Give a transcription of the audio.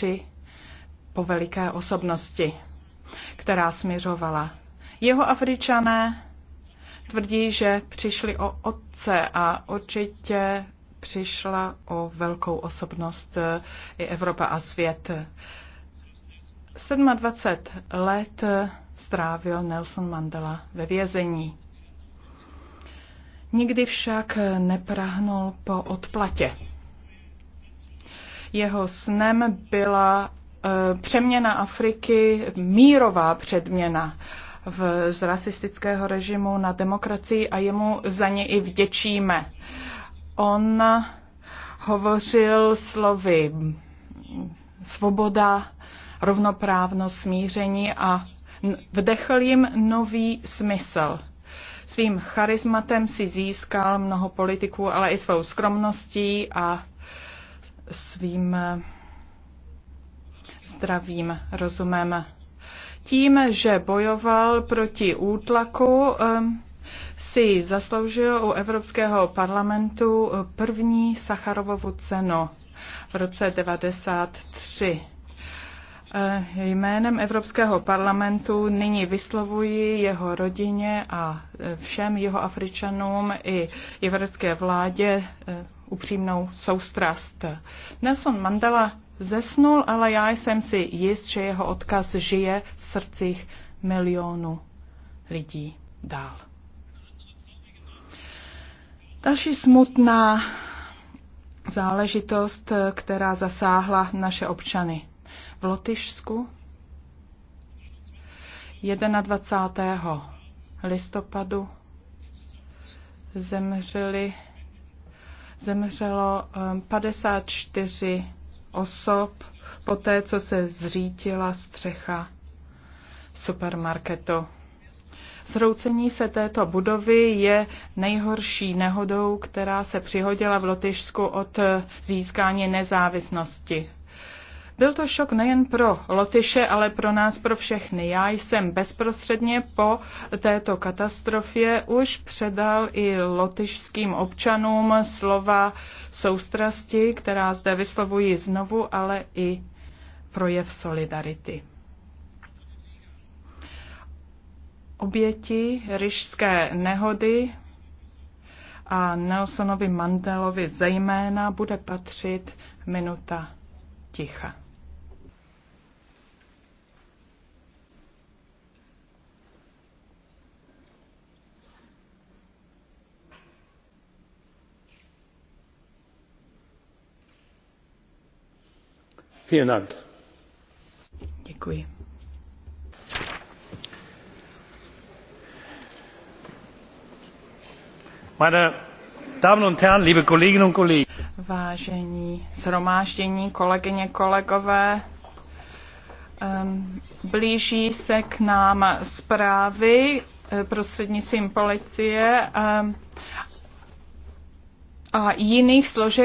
tři poveliké osobnosti, která směřovala. Jeho Afričané tvrdí, že přišli o otce a určitě přišla o velkou osobnost eh, i Evropa a svět. 27 let strávil Nelson Mandela ve vězení. Nikdy však neprahnul po odplatě. Jeho snem byla eh, přeměna Afriky, mírová předměna v, z rasistického režimu na demokracii a jemu za ně i vděčíme. On hovořil slovy svoboda, rovnoprávnost, smíření a vdechl jim nový smysl. Svým charismatem si získal mnoho politiků, ale i svou skromností a svým zdravým rozumem. Tím, že bojoval proti útlaku, si zasloužil u Evropského parlamentu první Sacharovovu cenu v roce 1993. Eh, jménem Evropského parlamentu nyní vyslovuji jeho rodině a eh, všem jeho Afričanům i evropské vládě eh, upřímnou soustrast. Nelson Mandela zesnul, ale já jsem si jist, že jeho odkaz žije v srdcích milionů lidí dál. Další smutná záležitost, která zasáhla naše občany v Lotyšsku 21. listopadu zemřeli, zemřelo 54 eh, osob po té, co se zřítila střecha supermarketu. Zhroucení se této budovy je nejhorší nehodou, která se přihodila v Lotyšsku od získání nezávislosti. Byl to šok nejen pro Lotyše, ale pro nás, pro všechny. Já jsem bezprostředně po této katastrofě už předal i lotyšským občanům slova soustrasti, která zde vyslovuji znovu, ale i projev solidarity. Oběti ryšské nehody a Nelsonovi Mandelovi zejména bude patřit minuta ticha. Meine Damen und Herren, liebe Kolleginnen und Kollegen. Vážení shromáždění, kolegyně, kolegové, blíží se k nám zprávy eh, prostřednictvím policie a jiných složek